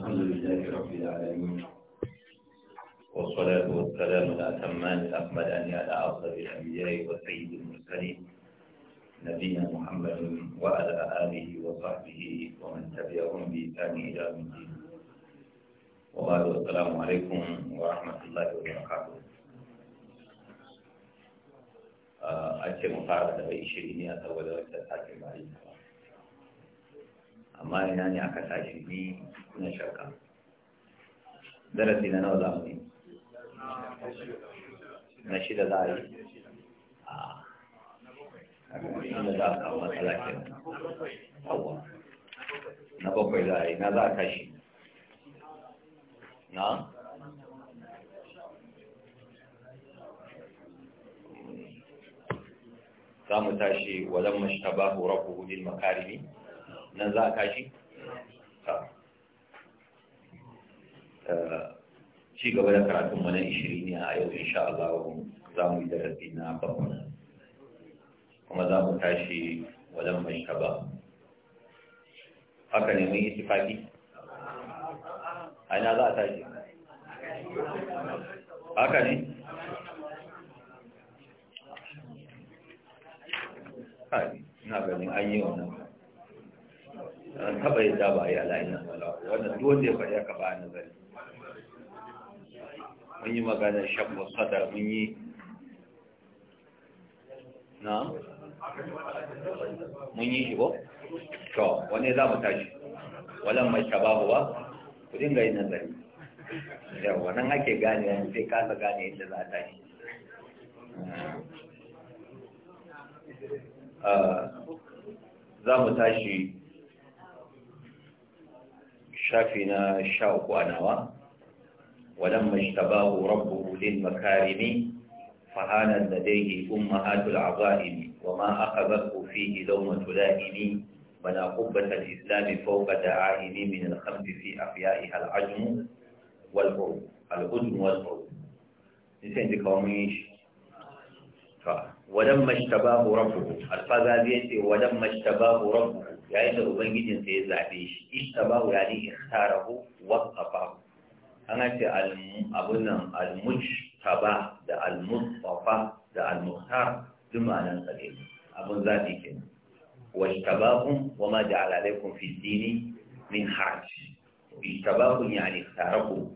الحمد لله رب العالمين والصلاة والسلام الأتمان أن على أفضل الأنبياء وسيد المرسلين نبينا محمد وعلى آله وصحبه ومن تبعهم بإحسان إلى يوم الدين وبعد السلام عليكم ورحمة الله وبركاته أتي مقارنة بإشرينية أول وقت الحاكم عليكم amma ina ne aka tashi ni na shakka darasi na nawa za mu yi na shida za a yi a shida za a kawo matsala ke hawa na bakwai za a yi na za a tashi. na za mu tashi wadan mashi tabahu rabu hudin makarini nan za a tashi ci gaba da karatun mana ishiri ne a yau insha Allah za mu yi darasi na bakwai kuma za mu tashi wajen mai shaba haka ne mun yi faɗi? a ina za a tashi haka ne ina ganin an yi wannan taba yadda ba ya yi alayin nasara wannan dole ya faɗi aka ba a nazari mun yi maganar shabba sada mun yi na mun yi shi ba? to wani za mu tashi walan mai shababu ba ku dinga yi nazari yawa wannan ake gane yanzu sai kasa gane yadda za a tashi ah. Ah, za mu tashi shafi na sha uku a nawa wadan majtabahu rabbuhu lil makarimi fa hana ladayhi ummahatul azaim wa ma aqabathu fihi dawmatul aini bana qubbat al islam fawqa da'aini min al khamd fi afyaiha al ajm wal hur al udm wal hur nisan da kawai shi ta wadan majtabahu rabbuhu al fazabiyati wadan majtabahu yayin da ta ya zaɓe shi ishtabahu ya ni ikhtarahu wasafahu An ce abun nan almujtaba da almustafa da almuhtar duk ma'anar sa ne abun zaɓi kenan washtabahum wa ma ja'ala alaikum fi dini min haraj ishtabahum yani ikhtarahu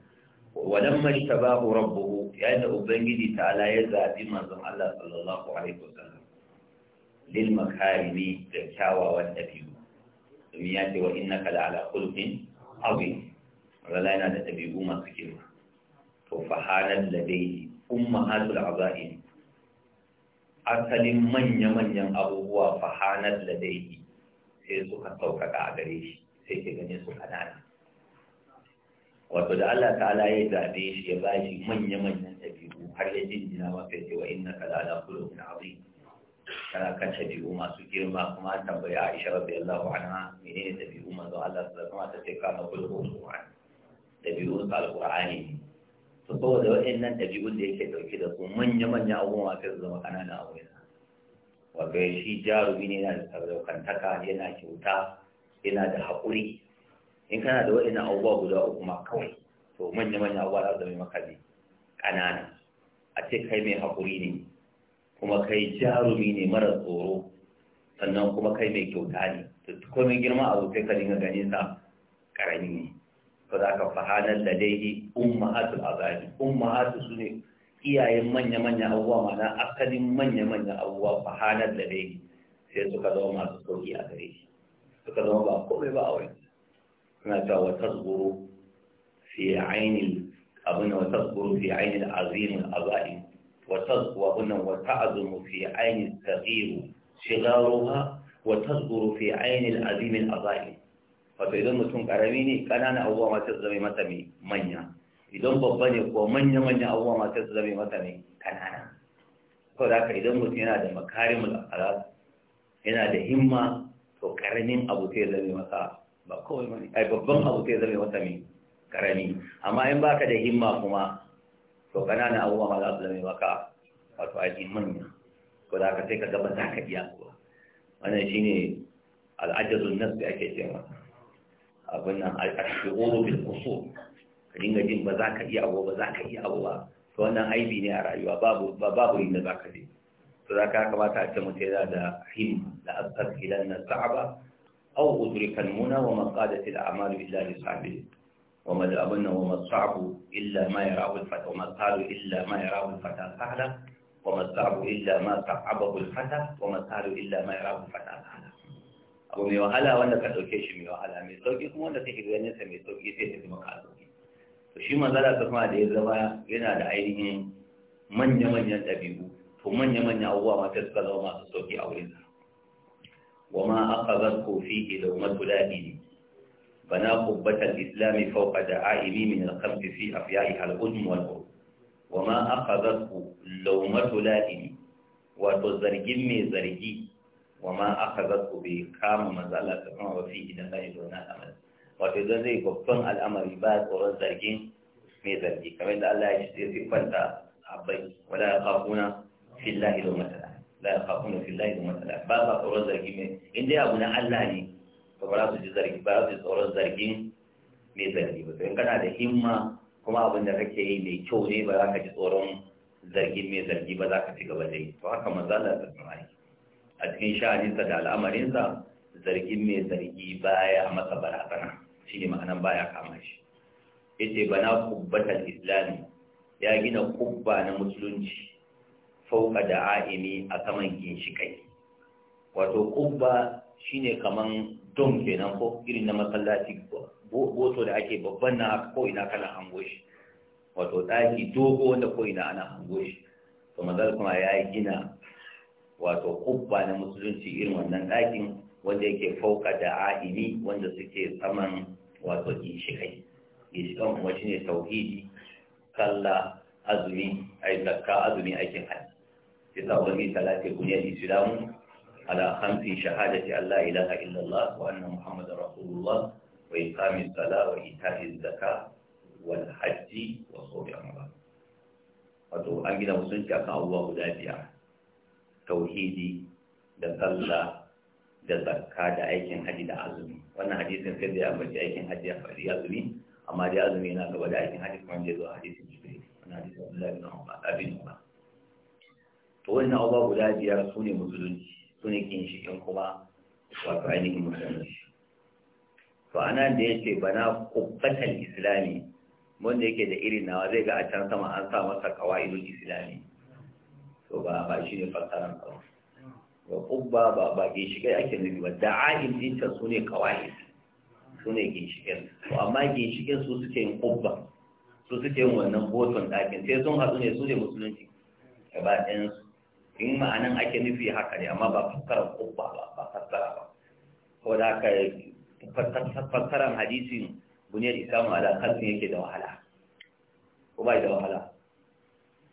walamma ishtabahu rabbuhu yayin da ubangiji ta'ala ya zaɓi manzon Allah sallallahu alaihi wasallam lil makarimi da kyawawan dabi'u domin ya ce wa innaka la ala khulqin azim wala yana da ɗabi'u masu girma to fa hanan ladai ummahatul azaim asalin manya-manyan abubuwa fa da dai sai suka saukaka a gare shi sai ke ganin su kanana wato da Allah ta'ala ya zaɓe shi ya shi manya-manyan ɗabi'u har ya jinjina masa ya ce wa innaka la ala khulqin tana kan tabi'u masu girma kuma an tambaya Aisha radiyallahu mene menene tabi'u manzo Allah sallallahu alaihi wasallam ta ce kana kullu Qur'an tabi'u al-Qur'ani to saboda waɗannan tabi'un da yake dauke da su manya manya abubuwa sai su zama kananan abu ne wato shi jarumi ne yana da sadaukantaka yana kyauta yana da haƙuri in kana da waɗannan abubuwa guda uku ma kawai to manya manya abubuwa za su zama maka ƙanana a ce kai mai haƙuri ne kuma kai jarumi ne mara tsoro sannan kuma kai mai kyauta ne komai girma abu kai ka dinga ganin sa karami ne to za ka fahanar da dai ummahatul Umma, ummahatu su ne iyayen manya-manya abubuwa mana asalin manya-manya abubuwa fahanar da dai sai suka zama masu sauki a gare shi suka zama ba komai ba a wani suna cewa wata tsoro fi ainihin abin da wata tsoro fi ainihin azimin azali وتذكر وتعظم في عين الصغير شغالها وتذكر في عين العظيم الأضائم wato idan mutum karami ne ƙanana abubuwa masu zame mata mai manya idan babba ne kuwa manya-manya abubuwa masu zame mata mai ƙanana ko da haka idan mutum yana da makarimul akhlaq yana da himma to karamin abu sai zame masa ba kawai bane ai babban abu sai zame masa mai karami amma in baka da himma kuma to na abubuwa ma za su zame maka wato aiki manya ko za ka sai ka gaba za ka iya kuwa wannan shi ne al'ajazun nas da ake cewa abin nan al'ashiruru bin kusu ka dinga jin ba za ka iya abuwa ba za ka iya abuwa to wannan aibi ne a rayuwa babu babu inda za ka je to za ka kamata a ce mutum yana da him da gidan na sa'aba au udrikal muna wa maqadatil a'malu illa li وما الأبن وما الصعب إلا ما يراه الفتى وما القال إلا ما يراه الفتى سهلا وما الصعب إلا ما صعبه الفتى وما القال إلا ما يراه fata سهلا abu mai wahala wanda ka ɗauke shi mai wahala mai sauƙi kuma wanda kake ganin sa mai sauƙi sai ta zama ka to shi manzala ta kuma da ya zama yana da ainihin manya-manyan ɗabi'u to manya-manyan abubuwa mata suka zama masu sauƙi a wurin sa wa ma aka kofi ke guda ne بنا قبة الإسلام فوق دعائم من القلب في أفيائها الأذن والقرب وما أخذته لومة لائم وتزرجم من زرجي وما أخذته بكام مزالة كما وفيه إذا لا يدون الأمل وتزن زي بطن الأمر بعد ورد زرجين من زرجي كما إن الله يشتري في فلتا عبيد ولا يخافون في الله لومة لائم لا يخافون في الله لومة لائم بعد ورد زرجين إن دي أبونا الله to su ji zargi ba su tsoron zargin mai zargi ba to in kana da himma kuma abin da kake yi mai kyau ne ba za ka ji tsoron zargin mai zargi ba za ka ci gaba da yi to haka maza Allah ta a cikin sha'aninsa da al'amarinsa zargin mai zargi baya masa barazana shi ne ma'anan baya kama shi yace bana kubbatar islami ya gina kubba na musulunci fauka da a'imi a saman ginshikai wato kubba shine kaman don kenan ko irin na masallaci boto da ake babban na ko ina kana hango shi wato ɗaki dogo wanda ko ina ana hango shi to mazal kuma ya gina wato kubba na musulunci irin wannan ɗakin wanda yake fauka da ahimi wanda suke saman wato ginshikai ginshikan kuma shi ne tauhidi kalla azumi ai zakka azumi aikin hajji sai wani talatin buniyar islamu على خمس شهادة أن لا إله إلا الله وأن محمد رسول الله وإقام الصلاة وإيتاء الزكاة والحج وصوم رمضان wato an gina musulunci a kan abubuwa guda biyar tauhidi da sallah da zakka da aikin haji da azumi wannan hadisin sai da ya ambaci aikin haji ya faɗi azumi amma dai azumi yana gaba da aikin haji kuma da ya zo hadisin jibril wannan hadisin abdullahi da umar abin ba. to wannan abubuwa guda biyar su ne musulunci su ne ginshikin kuma wato ainihin musulunci to ana da yake bana kubbatan islami wanda yake da irin nawa zai ga a can sama an sa masa kawaidul islami to ba ba shi ne fassaran ba ba kubba ba ba ginshikai ake nufi ba da'a'in dinta su ne kawai su ne ginshikin to amma ginshikin su suke yin kubba su suke yin wannan boton ɗakin sai sun haɗu ne su ne musulunci gaba ɗayansu in ma'anan ake nufi haka ne amma ba fassarar kubba ba ba fassara ba ko da ka fassarar hadisin buniyar islamu ala kalfin yake da wahala ko bai da wahala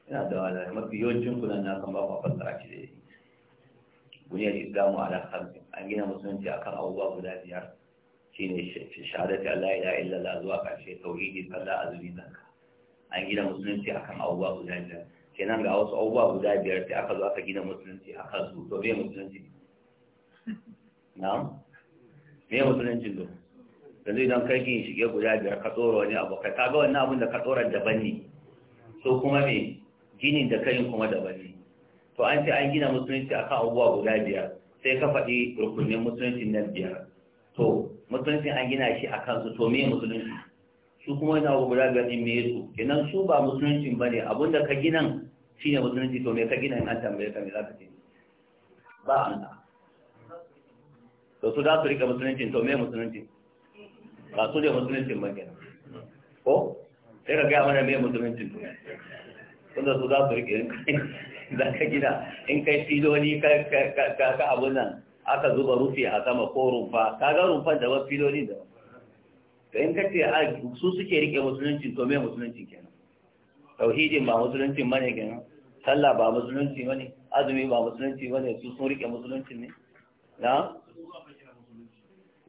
yana da wahala mafi yawancin kuna na kan ba ku fassara shi da yi buniyar islamu ala kalfin an gina musulunci akan abubuwa guda biyar shine shahadati Allah ila illallah, zuwa karshe tauhidi sallah azumi zakka an gina musulunci akan abubuwa guda biyar kenan ga wasu abubuwa guda biyar sai aka zo aka gina musulunci a su to me musulunci na'am me musulunci zo yanzu idan kai gini shige guda biyar ka tsoro wani abu ka kaga wannan abin da ka tsoron daban ne so kuma me ginin da kayin kuma daban ne to an ce an gina musulunci akan abubuwa guda biyar sai ka faɗi rukunin musulunci na biyar to musulunci an gina shi akan su to me musulunci su kuma yana abu guda biyar ne me su kenan su ba musulunci bane abin da ka ginan shi ne musulunci to me ka gina in an tambaye ta me za ka ce ba amsa to su za su rika musulunci to me musulunci ba su ne musulunci ba kenan ko sai ka gaya mana me musulunci to tunda su za su rike za ka gina in kai filoli ka abun nan aka zuba rufi a sama ko rumfa ka ga rumfan da wani filoli da to in ka ce su suke rike musulunci to me musulunci kenan tauhidin ba musulunci mane kenan sallah ba musulunci bane azumi ba musulunci bane su sun rike musulunci ne na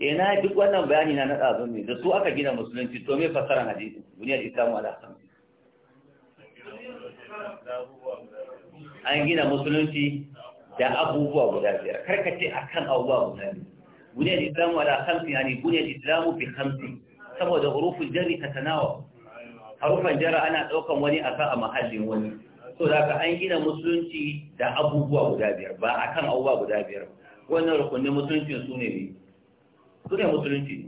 ina eh, duk wannan bayani na nada zumi da su aka gina musulunci to me fasaran hadisi da islamu ala hasan an gina musulunci da abubuwa guda biyar karkace akan abubuwa guda biyar buniyar islamu ala hasan yani buniyar islamu bi hamsin saboda hurufun jarri ta tanawa harufan jara ana daukan wani a sa a mahallin wani so da ka an gina musulunci da abubuwa guda biyar ba a kan abubuwa guda biyar wannan rukunin musulunci su ne ne su ne musulunci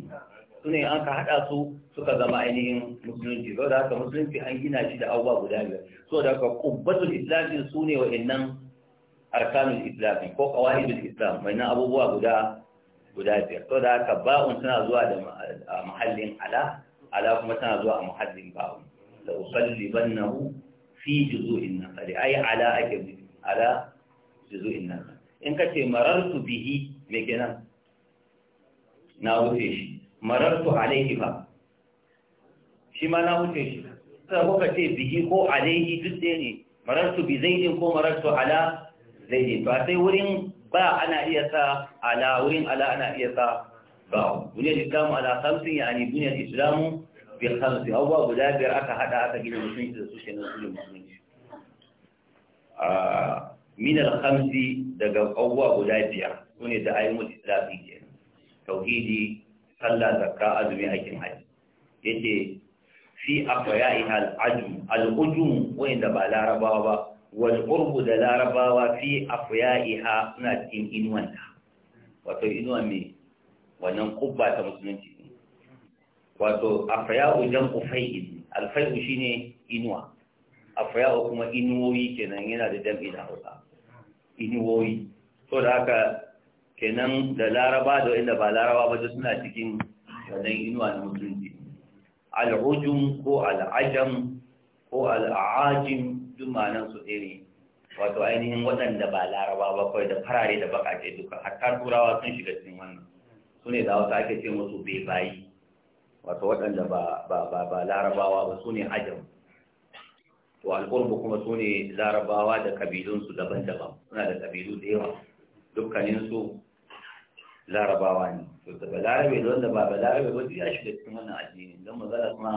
su ne an ka haɗa su suka zama ainihin musulunci so da haka musulunci an gina shi da abubuwa guda biyar so da haka kubbatul islamin su ne innan arkanul islami ko kawaidul islam wa'annan abubuwa guda guda biyar so da haka ba'un tana zuwa da mahallin ala ala kuma tana zuwa a mahallin ba'un la bannahu fi juzu'in nasari ai ala ake bi ala juzu'in nasari in ka ce marartu bihi me kenan na wuce shi marartu alaihi ba shi ma na wuce shi sai kuka ce bihi ko alaihi duk dai ne marartu bi zaidin ko marartu ala zaidin ba sai wurin ba ana iya sa ala wurin ala ana iya sa ba buniyar islamu ala samsin yani duniyar islamu bi khamsi abubuwa guda biyar aka hada aka gina musulunci da su shi na usulin musulunci min al-khamsi daga abubuwa guda biyar sune da ayyukan islami ke tauhidi sallah zakka azumi aikin hajji yace fi aqya'iha al-ajm al-ujum wanda ba larabawa ba wal qurbu da larabawa fi aqya'iha suna cikin inuwanta wato inuwan me wannan kubba ta musulunci wato afya'u jam'u fai'in alfai'u ne inuwa afya'u kuma inuwoyi kenan yana da jam'i da hausa inuwoyi so da haka kenan da laraba da wanda ba laraba ba suna cikin wannan inuwa na musulunci al'ujun ko al'ajam ko al'ajin duk ma'anar su ɗaya wato ainihin waɗanda ba laraba ba kawai da farare da baƙaƙe duka hatta turawa sun shiga cikin wannan su ne da wata ake ce musu bai bayi wato waɗanda ba ba larabawa ba su ne ajam to al'urbu kuma su ne larabawa da kabilunsu daban-daban suna da kabilu da yawa dukkaninsu larabawa ne to daga larabe da wanda ba ba larabe ba ya shiga cikin wannan addini don mazala kuma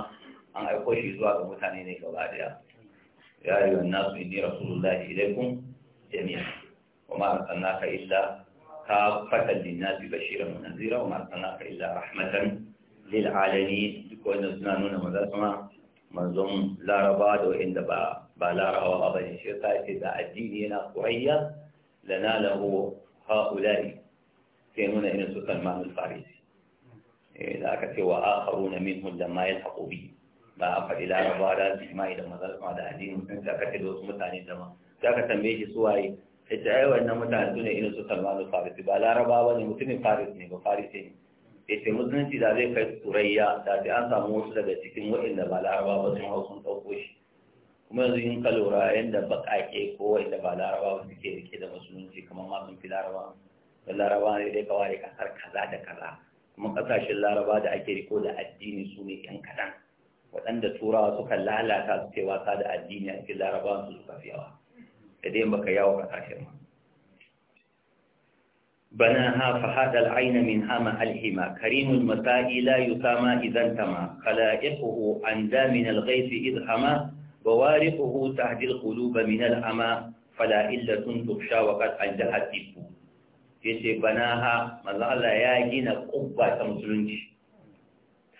an aiko shi zuwa ga mutane ne gaba daya ya yi wa nasu inni rasulullahi ilaikum jami'a wa ma arsalnaka illa ka fatal linnasi bashiran wa nadhira wa ma arsalnaka illa rahmatan lil alamin duk wannan suna nuna maza sama manzon laraba da wa'inda ba ba larabawa ba shi ta ce da addini yana kurayya lana lahu haula'i sai nuna irin su salman al-farisi da aka ce wa akharuna minhum lamma yalhaqu bi ba a faɗi Laraba da su imai da maza sama da addini da aka ce da wasu mutane da ma sai aka tambaye shi su waye ita yi wannan mutane su ne irin su salman al-farisi ba ba ne mutumin faris ne ba farisi ne yace musulunci da zai kai turayya da sai an samu wasu daga cikin waɗanda ba laraba ba sun hau sun ɗauko shi kuma yanzu in ka lura yadda baƙaƙe ko waɗanda ba laraba ba suke rike da musulunci kamar ma sun fi laraba da laraba ne dai kawai kasar kaza da kaza kuma ƙasashen laraba da ake riko da addini su ne ƴan kaɗan waɗanda turawa suka lalata su wasa da addini a cikin laraba su suka fi yawa da dai baka yawo ƙasashen ma bana hafa haɗa al’aina min hama alhima karimun mata’ila yi sama idan ta ma kala’ifuhu an damin al’aifi izhama ba warifuhu ta hajjil kulu ba min al’ama fala’ila sun tufsha wa kan an jihar ya ce bana ha maza’ala ya gina ƙubba ta musulunci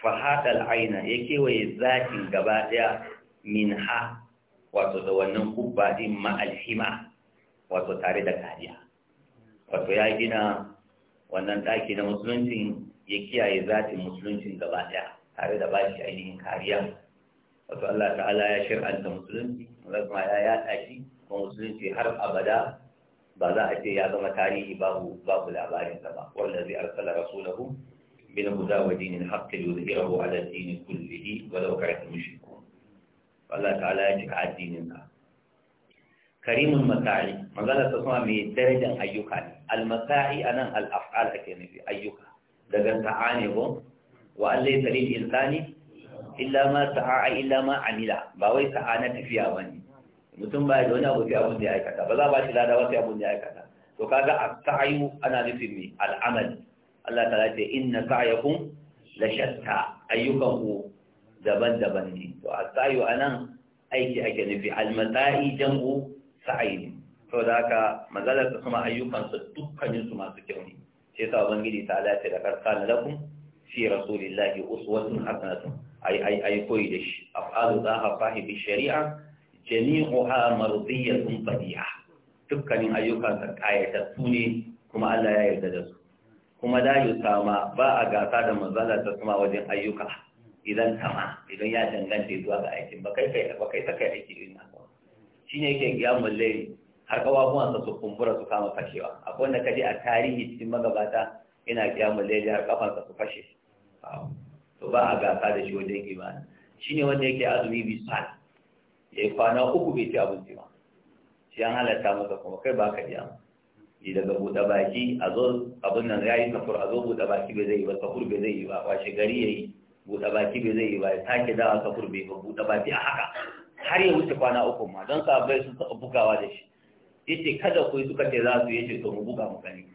fahaɗa ya kewaye zafin gaba ɗaya min ha wato da wannan ƙubba ɗin ma alhima wato tare da kariya wato ya gina wannan ɗaki na musulunci ya kiyaye zatin musulunci gaba ɗaya tare da ba shi ainihin kariya wato Allah ta'ala ya shir'anta musulunci kuma ya yaɗa shi kuma musulunci har abada ba za a ce ya zama tarihi babu babu labarin ba wanda zai arsala rasulahu bil huda wa dinil haqq yuzhirahu ala dini kullihi walau karaha mushrikun Allah ta'ala ya cika addinin ka karimin masa'i magana ta kuma mai darajar ayyuka ne almasa'i a nan al'af'al ake nufi ayyuka daga ta'ani ko wa an laisa lil insani illa ma sa'a illa ma amila ba wai sa'a na tafiya bane mutum ba da wani abu sai abun da ya aikata ba za ba shi lada wasu abun da ya aikata to kaga a ta'ayu ana nufin me al'amal Allah ta ce inna sa'yakum la shatta ayyukan ku daban-daban ne to ta'ayu a nan aiki ake nufi al-masa'i jam'u sa'ayi ne to da haka maganar da kuma ayyukansa dukkanin su masu kyau ne sai sa ubangiji ta lati da karka na lakum fi rasulillahi uswatun hasanatun ai ai ai koyi da shi afalu za ha fahi bi shari'a jami'uha mardiyatun fadiha dukkanin ayyukansa kayatattu ne kuma Allah ya yarda da su kuma da yi ba a gasa da manzala ta kuma wajen ayyuka idan sama idan ya danganta zuwa ga aikin ba kai kai ba kai ta kai aiki irin ne yake qiyamul mulle har kawabuwansa su kumbura su kama fashewa akwai wanda kaje a tarihi cikin magabata yana mulle layl har kafan su fashe to ba a gasa da shi wajen imani ne wanda yake azumi bi ya yi kwana uku bai ci abinci ba shi an halatta masa kuma kai ba ka iya yi daga buɗe baki a zo abin nan ya yi safur a zo buɗe baki bai zai yi ba safur bai zai yi ba washe gari ya yi buɗe baki bai zai yi ba ya sake dawa safur bai ba buɗe baki a haka har ya wuce kwana uku ma don sahabbai sun taɓa bugawa da shi yace kada ku yi suka ce za su yace to mu buga mu gani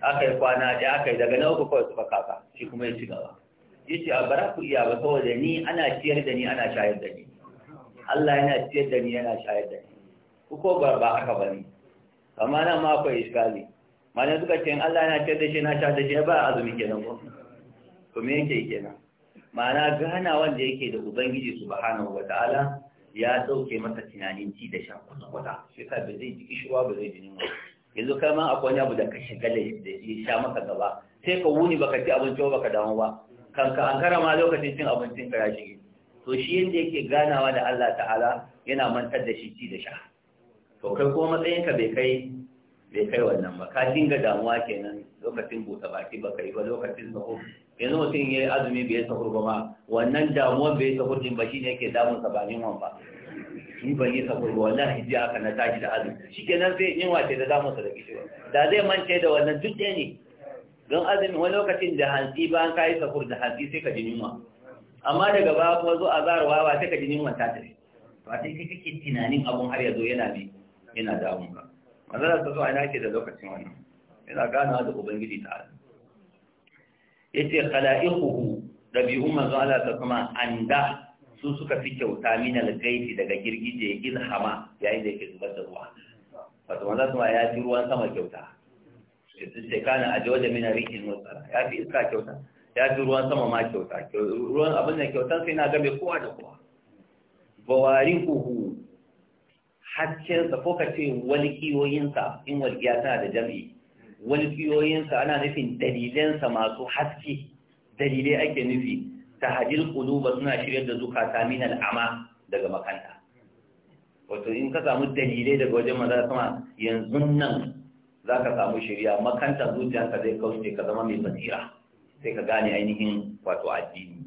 aka yi kwana ɗaya aka yi daga na uku kawai suka kaka shi kuma ya ci gaba yace a bara ku iya ba saboda ni ana ciyar da ni ana shayar da ni Allah yana ciyar da ni yana shayar da ni ku ko ba ba haka ba ne amma nan ma akwai iskali mana suka ce Allah yana ciyar da shi na shayar da shi ba azumi kenan ko to me yake kenan ma'ana gana wanda yake da ubangiji subhanahu wataala ya dauke masa tunanin ci da sha kwata-kwata shi ka ba zai ji kishiwa ba zai ji nima yanzu kai ma akwai wani abu da ka shiga da shi sha maka gaba sai ka wuni baka ci abinci ba baka damu ba Kan ka ankara ma lokacin cin abincin ka ya shige to shi yadda yake ganawa da Allah ta'ala yana mantar da shi ci da sha to kai kuma matsayinka bai kai bai kai wannan ba ka dinga damuwa kenan lokacin buɗe baki ba kai ba lokacin sahur yanzu mutum ya yi azumi bai sahur ba ma wannan damuwan bai sahur din ba shi ne yake damun sa ba yunwan ba ni ban yi sahur ba Wannan ji aka na tashi da azumi shi kenan sai yunwa ce da damun sa da kishi da zai mance da wannan duk ɗaya ne don azumi wani lokacin da hantsi bayan ka yi sahur da hantsi sai ka ji yunwa amma daga baya kuma zo a zarawa ba sai ka ji yunwa ta tafi to a sai kake tunanin abun har ya yana bi yana damun ka manzala ta zuwa ina ke da lokacin wannan yana ganawa da ubangiji ta ala ya ce da dabi'un manzo Allah ta kuma anda su suka fi kyauta min al-gaifi daga girgije ilhama yayin da yake zubar da ruwa wato manzo zuwa ya ji ruwan sama kyauta sai sai kana ajwaja min rihin wasara ya fi iska kyauta ya ji ruwan sama ma kyauta ruwan abin da kyauta sai na ga mai kowa da kowa bawarin kuhu haskensa ko ka ce walƙiyoyinsa in walƙiya tana da jam'i walƙiyoyinsa ana nufin dalilansa masu haske dalilai ake nufi ta hajjil ƙuluba suna shirya da zukata minal ama daga makanta wato in ka samu dalilai daga wajen maza sama yanzu nan za ka samu shirya makanta zuciyarka zai kauce ka zama mai basira sai ka gane ainihin wato addini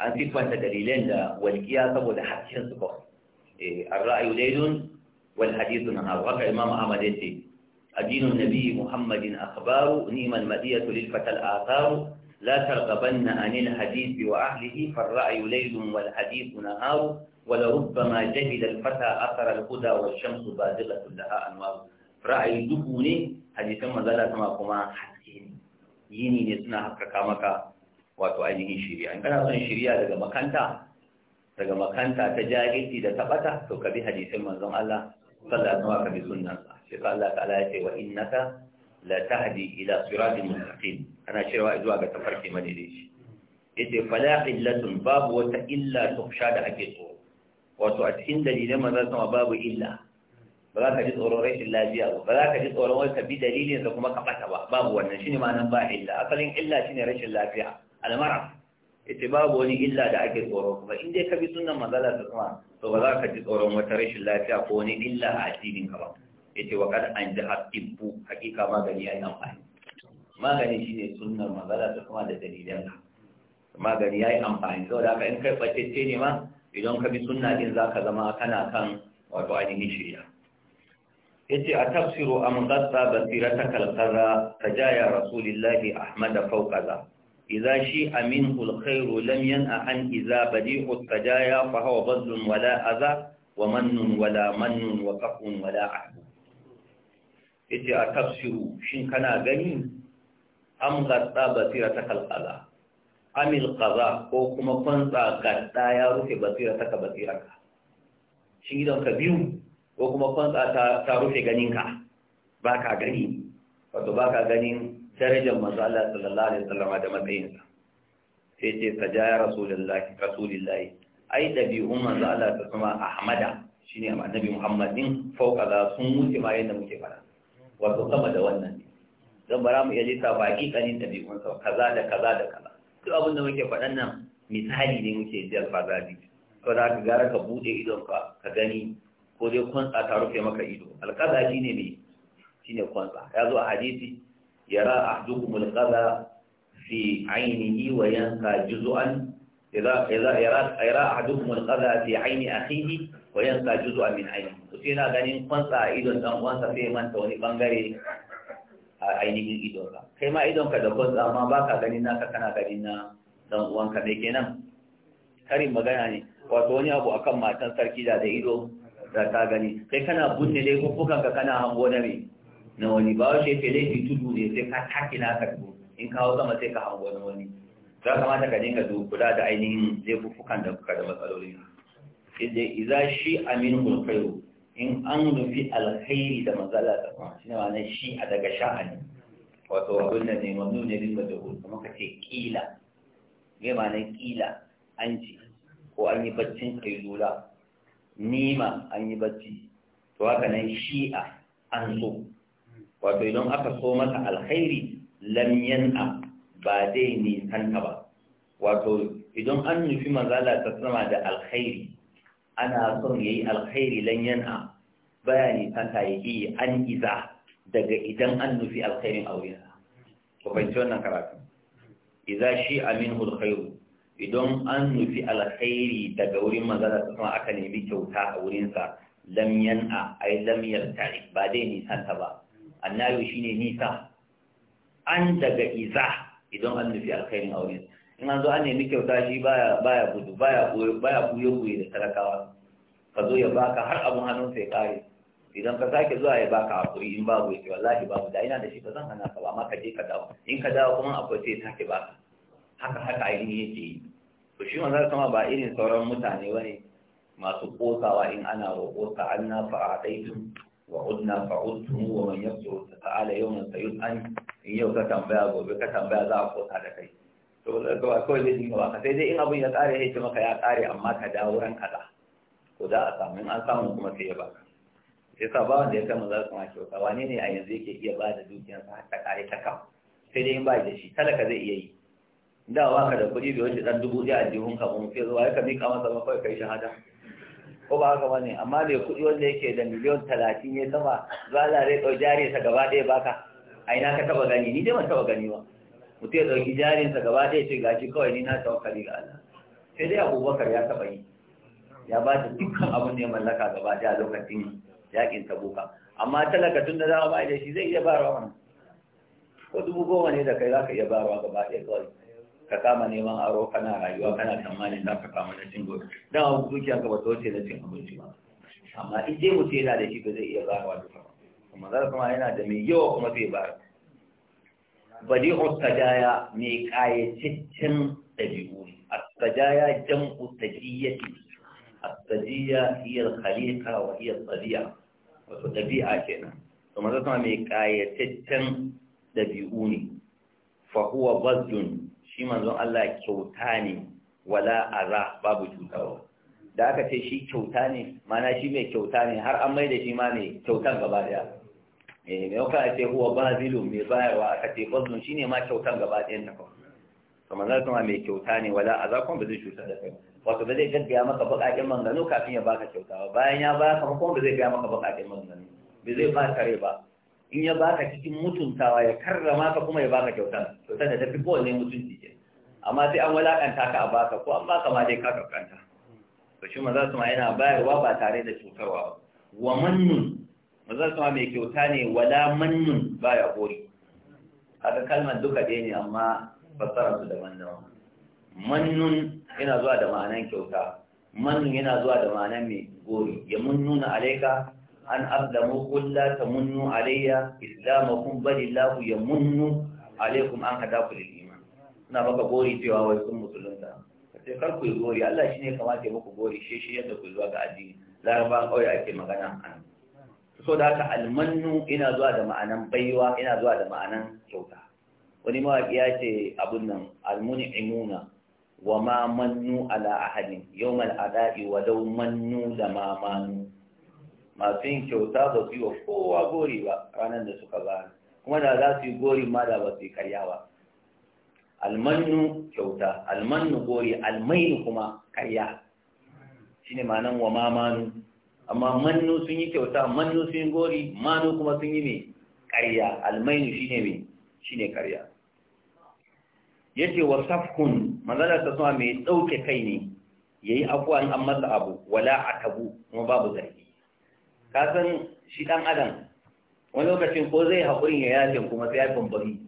an siffanta dalilan da walƙiya saboda hasken su kawai eh, an ra'ayu daidun wal hadithu na hawa haka imam ahmad ya ce addinin nabi muhammadin akhbaru ni'mal madiyatu lil fatal atharu لا ترغبن عن الحديث وأهله فالرأي ليل والحديث نهار ولربما جهل الفتى أثر الهدى والشمس بادغة لها أنوار رأي دبوني حديثا ما زال كما كما حسين yini ne suna haskaka wato ainihin shirya in kana son shirya daga makanta daga makanta ta jahilci da tabata to ka bi hadisin manzon Allah فلا نواك بسنة صاحبي قال الله تعالى يتي وإنك لا تهدي إلى صراط المستقيم أنا أشير وإذ واقع تفرق من إليش يتي فلا قلة باب وتا إلا تخشى لأكيطه وتؤتحن دليل ما ذات باب إلا بلا كجد أروريش إلا زياره بلا كجد أروريش بدليل إذا كما قطعت باب وانا شيني ما ننباع إلا أقل إلا شيني ريش إلا فيها أنا ما أعرف yace babu wani illa da ake tsoro kuma in dai ka bi sunan mazala su kuma to ba za ka ji tsoron wata rashin lafiya ko wani illa a addinin ka ba ita wa kada an jaha tibbu hakika magani yi amfani magani shine sunan mazala su kuma da dalilan magani ya yi amfani sau da haka in kai ɓacece ne ma idan ka bi sunna din ka zama kana kan wato ainihin shirya yace a tafsiru am basira ta kal ta jaya rasulillahi ahmada fawqa إذا شيء منه الخير لم ينأ عن إذا بديع التجايا فهو بذل ولا أذى ومن ولا من وقف ولا عهد إذا أتبصر شن كان غني أم غطى بصيرتك القضاء أم القضاء أو كما كنت غطى يا رفي بصيرتك بصيرك شن إذا كبير أو كما كنت ta rufe ganinka ba ka gani darajar masu Allah sallallahu alaihi wasallam da matsayinsa sai ce ta ja ya rasulullahi rasulillahi ai dabi'un manzo Allah ta kuma ahmada shine annabi Muhammadin fauka za sun wuce ma yanda muke fara wato kama da wannan dan bara mu iya ta baki kanin bi sa kaza da kaza da kaza duk abin da muke faɗan nan misali ne muke ji fazadi ko da ka gara ka bude idon ka ka gani ko dai kwansa ta rufe maka ido Alkazaji ne ne shine kwansa ya zo a hadisi yara ahdukum al-qadha fi aynihi wa yanqa juz'an idza idza yara yara ahdukum al-qadha fi ayni akhihi wa yanqa juz'an min ayni to sai na ganin kwansa idon dan uwansa sai manta wani bangare a ainihin idon ka kai ma idon ka da kwansa amma baka ganin naka kana ganin na dan uwanka ne kenan karin magana ne wato wani abu akan matan sarki da da ido da ta gani kai kana bunne dai kukan ka kana hango na me na wani ba shi ce laifin tudu ne sai ka taki na ka in kawo sama sai ka hango na wani za ka mata ka dinga kula da ainihin laifuffukan da kuka da matsaloli dai iza shi Aminu khairu in an nufi alkhairi da mazala da kuma shi ne ma'ana shi a daga sha'ani wato abin da ne wani ne da majhul kuma ka ce kila ne ma'ana kila an ji ko an yi baccin kai kailula nima an yi bacci to haka nan shi'a an so wato idan aka so mata alkhairi lam yan'a ba dai nisanta ba wato idan an nufi manzala ta sama da alkhairi ana son yayi alkhairi lan yan'a baya ne santa yake an iza daga idan an nufi alkhairin aure ko fahimci wannan karatu Iza shi aminhu alkhairu idan an nufi alkhairi daga wurin manzala ta sama aka nemi kyauta a wurinsa lam a ai lam yartari ba dai nisanta ba annabi shine nisa an daga iza idan an nufi alkhairin aure in an zo an nemi kyauta shi baya baya gudu baya goyo baya da talakawa ka zo ya baka har abun hannun sai kare idan ka sake zuwa ya baka hakuri in babu ke, wallahi babu da ina da shi ba zan hana ka ba amma ka je ka dawo in ka dawo kuma akwai sai sake baka haka haka ainihin yake yi to shi manzon sama ba irin sauran mutane bane masu kosawa in ana roƙo ka an na fa'a daidai وعدنا فعدتم ومن يسعد فتعالى يوما سيسأل in yau ka tambaya gobe ka tambaya za a kota da kai to ba kawai zai dinga baka sai dai in abin ya tsare ya ce maka ya tsare amma ka dawo ran kaza ko da a samu in an samu kuma sai ya baka sai sa ba wanda ya kama za su ma kyauta wane ne a yanzu yake iya ba da dukiyarsa har ta kare ta kam sai dai in ba da shi talaka zai iya yi da ba ka da kuɗi da wuce ɗan dubu ɗaya a jihun ka ba mu sai zuwa ya ka miƙa masa ba kawai ka yi shahada ko ba haka bane amma mai kuɗi wanda yake da miliyon talatin ya sama rai zai ɗau sa gaba ɗaya baka a ina ka taɓa gani ni dai ban taɓa gani ba mutum ya ɗauki sa gaba ɗaya ce gashi kawai ni na tawakkali ga Allah sai dai abubakar ya taɓa yi ya ba ta dukkan abin da ya mallaka gaba ɗaya lokacin yakin buka amma talaka tun da za a ba da shi zai iya ba rawa ko dubu goma ne da kai za ka iya ba rawa gaba ɗaya kawai ka kama neman aro kana rayuwa kana tsammanin za ka kama na cin gobe dan abu dukiya ka ba ta wuce na cin abinci ba amma in dai mutum yana da shi ba zai iya bayarwa duka ba kuma za kuma yana da mai yawa kuma zai ba. bari ustajaya mai kayataccen ɗabi'u astajaya jam'u tajiyyati ustajiya hiya al-khaliqa wa iya al-tabi'a wato ɗabi'a kenan kuma za kuma mai kayataccen dabi'u ne fa huwa bazdun shi manzon Allah kyauta ne wala ara babu ba. da aka ce shi kyauta ne mana shi mai kyauta ne har an mai da shi ma ne kyautan gaba daya eh me yau ce huwa bazilu mai bayarwa aka ce bazlun shine ma kyautan gaba dayan ta kawai to manzon kuma mai kyauta ne wala aza kuma ba zai cutar da kai wato ba zai gaggaya maka bakakin mangano kafin ya baka kyauta ba bayan ya baka kuma ba zai gaya maka bakakin mangano ba zai ba kare ba in ya baka cikin mutuntawa ya karrama ka kuma ya baka kyauta kyauta da tafi kowanne mutunci ke amma sai an walakanta ka a baka ko an baka ma dai ka karkanta to shi maza su ma yana bayarwa ba tare da cutarwa wa mannun maza su ma mai kyauta ne wala mannun ya gori haka kalmar duka ɗaya ne amma fassara su daban daban mannun yana zuwa da ma'anan kyauta mannun yana zuwa da ma'anan mai gori ya mun nuna alaika an abdamu kulla ta munnu alayya islamakum bal illahu yamunnu alaykum an ku lil iman ina baka gori cewa wai sun musulunta sai kar ku gori Allah shine kamata ya muku gori shi shi yadda ku zuwa ga addini laraba kauye ake magana an so da haka almannu ina zuwa da ma'anan baiwa ina zuwa da ma'anan kyauta wani mawaƙi ya ce abun nan almuni imuna wa ma mannu ala ahadin yawmal ada'i wa law mannu da ma manu masu yin kyauta ba su yi wa kowa gori ba ranar da suka gane kuma da za su yi gori ma da ba su yi karya ba almannu kyauta almannu gori almainu kuma karya shine ma'anan wa mamanu amma mannu sun yi kyauta mannu sun yi gori manu kuma sun yi mai karya almainu shine mai ne karya ce wa safkun manzala ta sama mai dauke kai ne yi afuwa an masa abu wala a kabu kuma babu zai Kasan shi ɗan adam wani lokacin ko zai haƙurin ya yace kuma sai ya bambami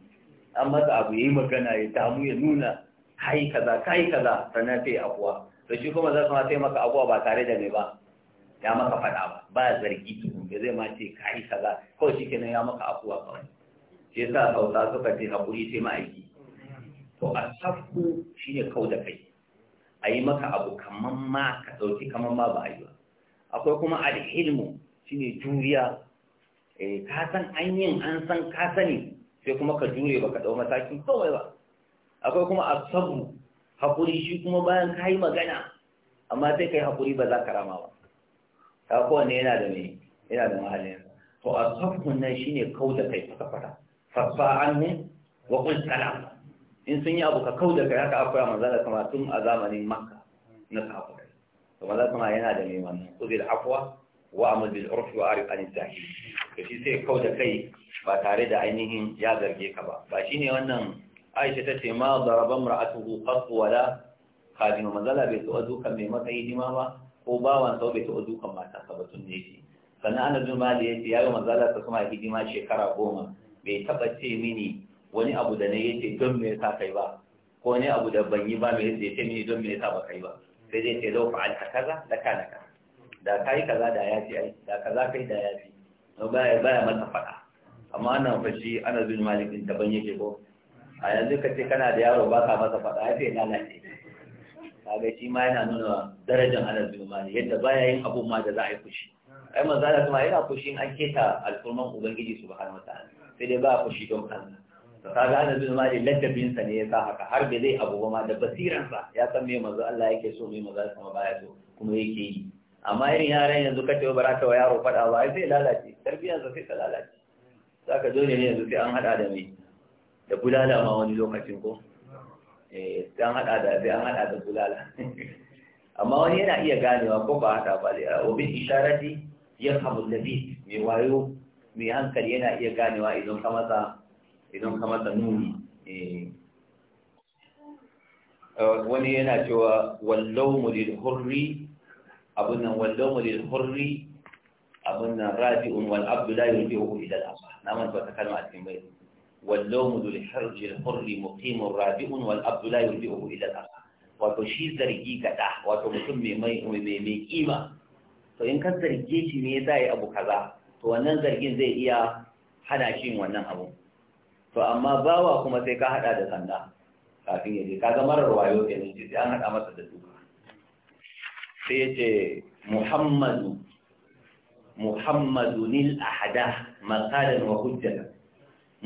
an masa abu ya yi magana ya damu ya nuna hayi kaza yi kaza sannan sai abuwa to shi kuma zai kuma sai maka abuwa ba tare da mai ba ya maka faɗa ba ba zargi tukun ya zai ma ce yi kaza kawai shi kenan ya maka abuwa ba. shi yasa sauta suka ce haƙuri sai ma'aiki to a safku shi ne kau da kai a yi maka abu kaman ma ka ɗauki kaman ma ba a yi ba akwai kuma alhilmu shine juriya eh ka san an yin an san ka sani sai kuma ka jure baka dau mataki kawai ba akwai kuma asabu hakuri shi kuma bayan ka yi magana amma sai kai hakuri ba za ka rama ba ka ko ne yana da me yana da mahalli to asabu nan shine kauda kai ka fara fasfa anhu wa qul salam in sun yi abu ka kauda kai haka akwai manzala kamar tun a zamanin makka na sahabbai to manzala kama yana da me wannan qul afwa wa amul bil urf wa arif an jahil to shi sai kau da kai ba tare da ainihin ya zarge ka ba ba shine wannan Aisha ta ce ma daraba mar'atuhu qat wala khadimu mazala bai taɓa dukan mai matsayi hima ba ko bawan sau bai taɓa dukan mata ka batun ne shi sannan ana zuma da ya ce yayi manzala ta kuma hidima shekara goma bai taɓa ce mini wani abu da na yace don me yasa kai ba ko wani abu da ban yi ba me yace mini don me yasa ba kai ba sai dai ce lau fa'al kaza da kana kaza da ka yi kaza da ya ce ai da kaza kai da ya ce baya baya masa faɗa amma ana fashi ana zuwa malikin daban yake ko a yanzu ka ce kana da yaro ba ka masa faɗa ya fi lalace kaga shi ma yana nuna darajar ana zuwa malikin yadda baya yin abu ma da za a yi fushi ai manzo Allah kuma yana fushi an keta alfurman ubangiji subhanahu wataala sai dai ba fushi don kansa ta ga ana zuwa mali ladabinsa sa ne ya sa haka har bai zai abu ba ma da basiransa ya san me manzo Allah yake so me manzo Allah baya so kuma yake yi amma irin yaran yanzu ka ce ba za ta wa yaro faɗa ba sai lalace tarbiyyarsa sai ta lalace za ka zo ne yanzu sai an haɗa da mai da bulala ma wani lokacin ko eh, an da sai an haɗa da bulala amma wani yana iya ganewa ko ba haɗa ba wa obin isharati yafhamu alladhi mai wayo mai hankali yana iya ganewa idan ka masa idan ka masa nuni eh. Eh, wani yana cewa wallau mu lil hurri abin nan wallon walil hurri abin nan rabi'un wal abdullahi yurbi hu ila al-asah na manta ba ta kalma a cikin bai wallon walil hurri hurri muqimun rabi'un wal abdullahi yurbi hu ila al-asah wato shi zargi gada wato mutum mai mai mai kima to in ka zarge shi me yasa yi abu kaza to wannan zargin zai iya hana shi wannan abu to amma bawa kuma sai ka hada da sanda kafin ya je kaga marar wayo kenan sai an hada masa da duka sai ya ce muhammadu muhammadu nil ahada makalan wa hujjata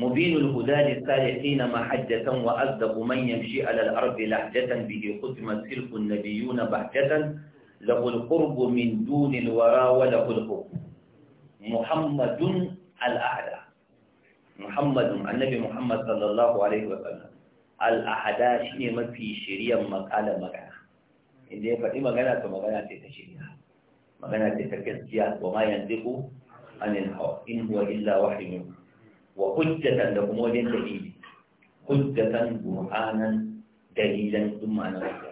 mubinu al-huda ne salihin ma hajjatan wa azdaqu man yamshi ala al-ardi bihi qutma silku an-nabiyyun bahjatan lahu al-qurb min wara wa lahu muhammadun al-ahada muhammadun annabi muhammad sallallahu alaihi wa sallam al-ahada shine mafi shiriyan makalan magana inda ya faɗi magana to magana ce ta shirya magana ce ta gaskiya wa ma an anil hau in huwa illa wahyu wa hujjatan da kuma wajen dalili hujjatan burhanan dalilan duk ma'ana hujja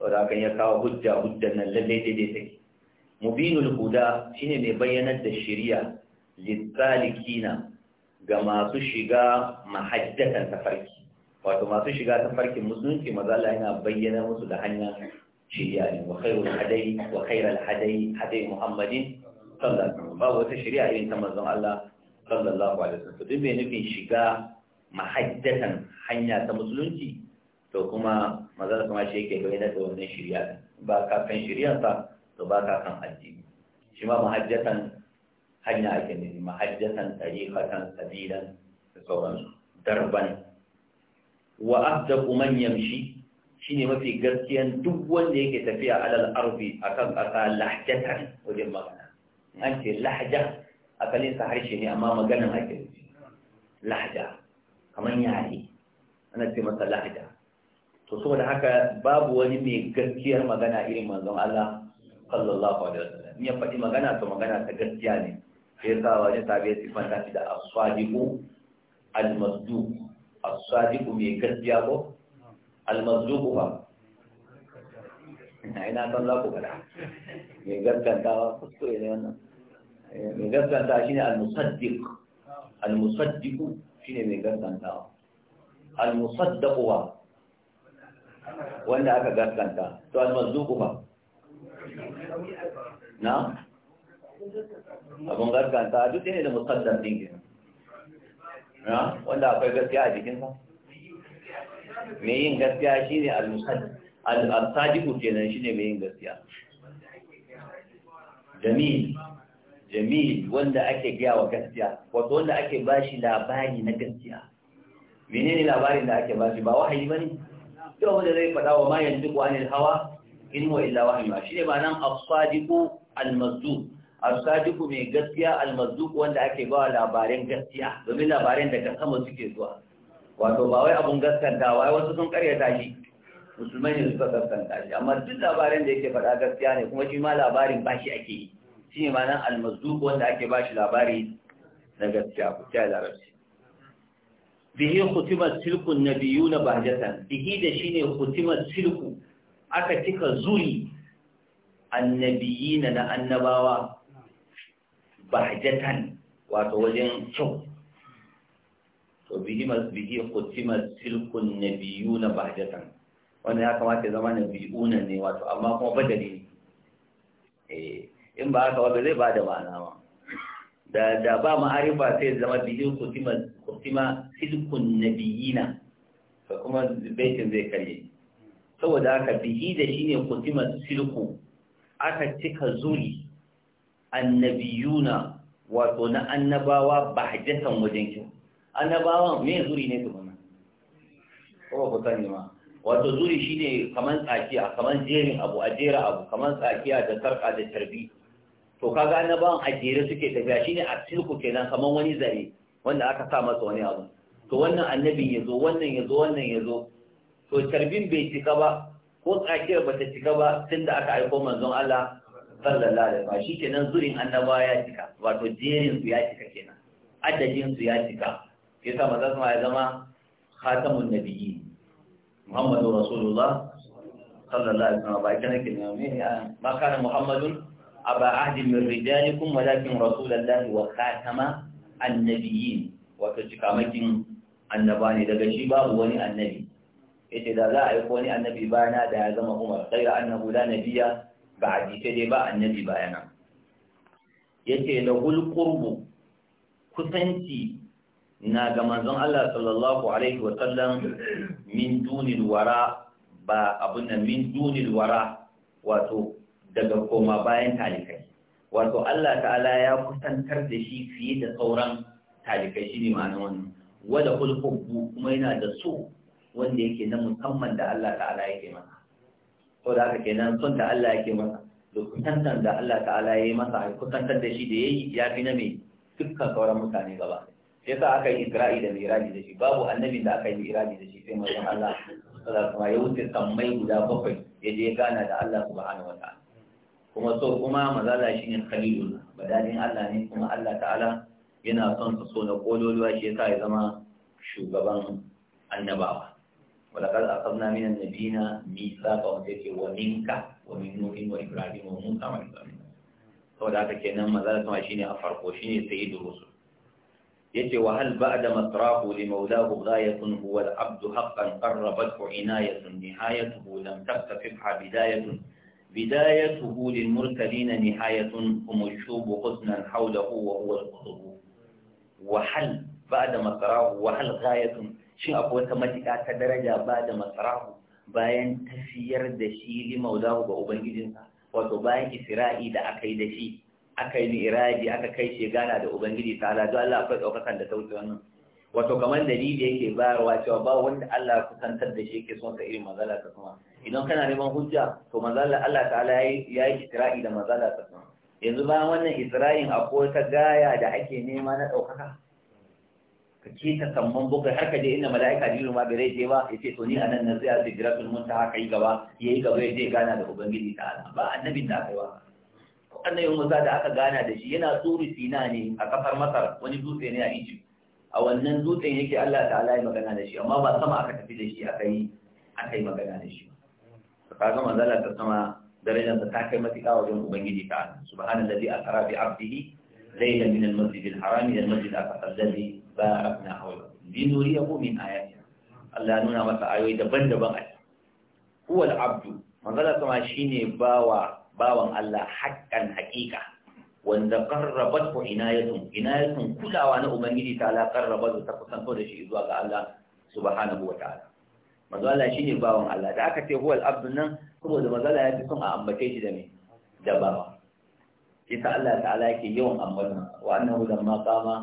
wanda hakan ya kawo hujja hujjan nan lallai daidai take mubinul huda shine mai bayyanar da shirya lissalikina ga masu shiga mahajjatan tafarki wato masu shiga tafarkin musulunci Allah yana bayyana musu da hanya shirya ne wa khairul hadai wa khairal hadai hadai muhammadin sallallahu alaihi wasallam babu wata shirya irin ta manzon Allah sallallahu alaihi wasallam duk mai nufin shiga mahaddatan hanya ta musulunci to kuma manzon kuma shi yake bayyana da wannan shirya ba ka kan kafin shiryarsa to ba ka kan addini shi ma mahajjatan hanya ake nufi mahajjatan tariqatan sabilan da sauransu darban wa abdaku man yamshi ne mafi gaskiyan duk wanda yake tafiya alal arbi akan ƙasa lahjatan wajen magana an ce lahja asalinsa harshe ne amma maganan ake lahja kamar yare ana ce masa lahja to da haka babu wani mai gaskiyar magana irin manzon Allah sallallahu alaihi wasallam ya faɗi magana to magana ta gaskiya ne sai sa wani tabi ya sifanta da as-sadiqu al-masduq as-sadiqu mai gaskiya ko المزلوبها هنا طلاقه بلا من قبل كانت قصته يعني من قبل المصدق المصدق شنو من قبل كانت المصدق هو وانا هكا قبل كانت تو المزلوب هو نعم أبو قبل كانت نعم mai yin gaskiya shine al-sadiqu kenan shine mai yin gaskiya jamil jamil wanda ake gaya wa gaskiya wato wanda ake bashi labari na gaskiya menene labarin da ake bashi ba wahayi ba ne? Yau wanda zai faɗa wa ma yanzu wani hawa in wa illa ba shi shine ba nan as-sadiqu al-mazdub al sadiqu mai gaskiya al-mazdub wanda ake ba labarin gaskiya domin labarin daga sama suke zuwa wato ba wai abun gaskanta wai wasu sun karyata shi musulmai ne suka gaskanta shi amma duk labarin da yake faɗa gaskiya ne kuma shi ma labarin ba shi ake yi shi ne ma'anar almazduq wanda ake ba shi labari na gaskiya ku ta larabci bihi khutimat silku nabiyuna bahjatan bihi da shi ne khutimat silku aka cika zuri annabiyina na annabawa bahjatan wato wajen kyau bihi kutima silkun nabiyuna bahjatan wannan ya kamata ya zama nabiyuna ne wato amma kuma badali eh in ba haka wanda zai bada ma'ana ba da da ba ma'arifa sai zama bihi kutima kutima silkun nabiyina to kuma baitin zai karye saboda haka bihi da shine kutima silku aka cika zuri annabiyuna wato na annabawa bahjatan wajen kyau annabawa me zuri ne tukuna ko ku sani ma wato zuri shine kaman tsakiya kaman jerin abu a jera abu kaman tsakiya da sarka da tarbi to kaga annabawan a jere suke tafiya shine a silku kenan kaman wani zare wanda aka sa masa wani abu to wannan annabin ya zo wannan ya zo wannan ya zo to tarbin bai cika ba ko tsakiyar ba ta cika ba tun da aka aiko manzon Allah sallallahu alaihi wasallam shi kenan zurin annabawa ya cika wato jerin su ya cika kenan adadin su ya cika yasa maza sama ya zama khatamun nabiyyi muhammadu rasulullah sallallahu alaihi wasallam ba kana kin ne ma kana muhammadun aba ahdi min rijalikum walakin rasulullahi wa khatama annabiyyin wato cikamakin annaba ne daga shi babu wani annabi yace da za a yi wani annabi bayana da ya zama umar da nabiya ba a ba'di sai dai ba annabi bayana yace lahul qurbu kusanci na ga manzon Allah sallallahu alaihi wa min dunil wara ba abun nan min dunil wara wato daga koma bayan talikai wato Allah ta'ala ya kusantar da shi fiye da sauran talikai shi ne ma'ana wannan wada hulhubbu kuma yana da so wanda yake na musamman da Allah ta'ala yake masa ko da haka kenan son da Allah yake masa da kusantar da Allah ta'ala ya yi masa kusantar da shi da yayi ya fi na mai dukkan sauran mutane gaba ɗaya ya sa aka yi isra'i da miraji da shi babu annabin da aka yi miraji da shi sai manzon Allah sallallahu ya wuce sammai guda bakwai ya je gana da Allah subhanahu wa ta'ala kuma so kuma mazala shine khalilul badalin Allah ne kuma Allah ta'ala yana son sa so na kololuwa shi yasa ya zama shugaban annabawa ولقد أخذنا من النبيين ميثاقا وتيتي wa ibrahim wa Musa wa وإبراهيم saboda haka kenan mazala kuma shine a farko shine sayyidul rusul yace wa hal ba'da matrahu li mawlahu ghayatun huwa al-abd haqqan qarrabathu inayatun nihayatuhu lam taktafiha bidayatun bidayatuhu lil murtadin nihayatun umushubu husnan hawlahu wa huwa al-qutub wa hal ba'da matrahu wa hal ghayatun shi akwai wata matika ta daraja ba'da matrahu bayan tafiyar da shi li mawlahu ba ubangijinsa wato bayan isira'i da aka yi da shi aka yi iradi, aka kai shi gana da ubangiji ta ala Allah akwai daukakan da ta wannan wato kamar dalili yake bayarwa cewa ba wanda Allah kusantar da shi yake son ka irin mazala ta kuma idan kana neman hujja to manzala Allah ta'ala ya yi isra'i da mazala ta kuma yanzu bayan wannan isra'in akwai ta gaya da ake nema na ɗaukaka ka ce ta samman buga. har ka je inda mala'ika jiru ma bai je ba ya ce to ni anan nan na tsaya da jiragen mun ta haka yi gaba ya yi gaba ya je gana da ubangiji ta ala. ba annabin da aka yi ba. annabi Musa da aka gana da shi yana tsuri Sina ne a kafar Masar wani dutse ne a Egypt a wannan dutsen yake Allah ta'ala ya magana da shi amma ba sama aka tafi da shi aka yi aka yi magana da shi ba zama manzala ta sama darajar ta kai matuƙa wajen ubangiji ta subhanallazi asra bi abdihi zai min al-masjid al-haram ila al-masjid al-aqsa alladhi barakna hawla linuriyahu min ayatina Allah nuna masa ayoyi daban-daban a huwa al-abdu manzala sama shine bawa bawan Allah haƙƙan haƙiƙa wanda qarrabat ku inayatun inayatun kulawa na ubangiji ta ala qarrabat ta kusanto da shi zuwa ga Allah subhanahu wa ta'ala manzo Allah shine bawan Allah da aka ce huwal abdu nan saboda manzo Allah ya fi son a ambace shi da me da bawa kisa Allah ta'ala yake yawan ambaton wa annahu lamma qama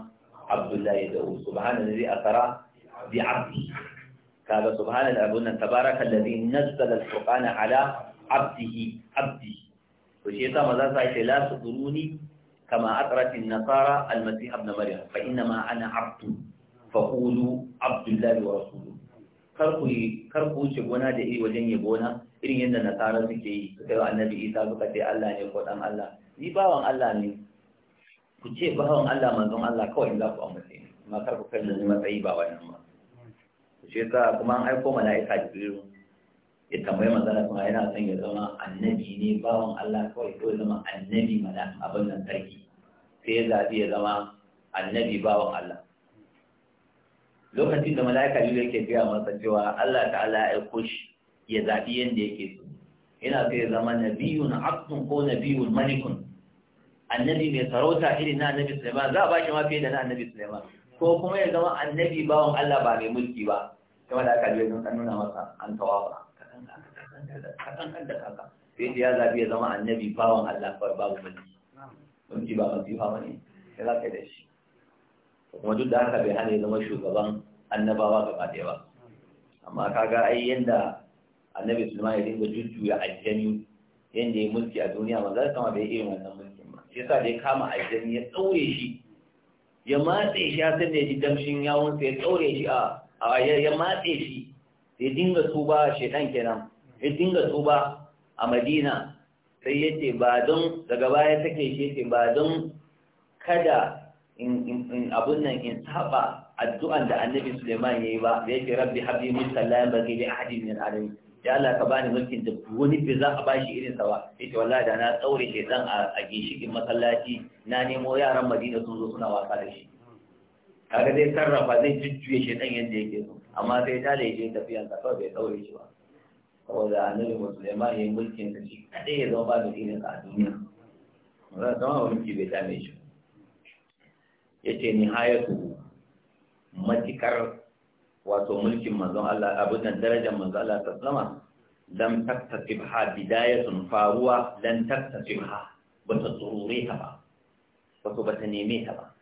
abdullahi da da'u subhanallazi asara bi 'abdi kaga subhanallahi abun nan tabarakallazi nazzala al-furqana ala 'abdihi 'abdihi to shi yasa maza sa ce la tuduruni kama atratin nasara almasih ibn maryam fa inna ma ana abdu fa qulu abdullahi wa rasuluhu kar ku kar ku ce gona da iri wajen yabo na irin yadda nasara suke yi suka yi annabi isa suka ce Allah ne ko dan Allah ni bawan Allah ne ku ce bawan Allah manzon Allah kawai za ku amince amma kar ku kai da matsayi ba wannan ba shi yasa kuma an aiko mala'ika jibrilu ya tambayi manzala kuma yana son ya zama annabi ne bawan Allah kawai ko ya zama annabi mana abin nan sarki sai ya zaɓi ya zama annabi bawan Allah lokacin da mala'ika jibril yake gaya masa cewa Allah ta'ala ya kushi ya zaɓi yadda yake so yana sai ya zama nabiyun abdun ko nabiyun malikun annabi mai sarauta irin na annabi Sulaiman za a ba shi ma fiye da na annabi Sulaiman ko kuma ya zama annabi bawan Allah ba mai mulki ba kamar da aka jiya don nuna masa an tawafa kaɗan da haka sai ya zafi ya zama annabi bawan Allah kawai babu mulki mulki ba masifa ba ne ya za ka yi da shi kuma duk da haka bai hana ya zama shugaban annabawa gaba ɗaya ba amma kaga ai yanda annabi sulman ya dinga jujjuya aljani yanda ya mulki a duniya ba za kama bai irin wannan mulkin ba shi yasa da ya kama aljani ya tsaure shi ya matse shi ya san da ya ji damshin yawon sa ya tsaure shi a ya matse shi ya dinga tuba shedan kenan ya dinga tuba a madina sai ya ce ba don daga baya take shi ce ba don kada in abun nan in saba addu'an da annabi suleiman ya yi ba da yake rabbi habbi min sallayan bagi bi ahadi min alami ya Allah ka bani mulkin da wani bai za a bashi irin sa ba ce wallahi da na tsaure shedan a ginshikin masallaci na nemo yaran madina sun zo suna wasa da shi kaga zai sarrafa zai jujjuye shedan yadda yake so amma sai ta da je tafiyan ta kawai bai saurayi shi ba saboda annabi musulman ya yi mulkin ka shi kadai ya zama ba da irin a duniya ba zama mulki bai dame shi ya ce ni hayatu matikar wato mulkin manzon Allah abin da darajar manzon Allah ta zama lam taktasibha bidayatun faruwa lam taktasibha bata tsurure ta ba wato bata neme ta ba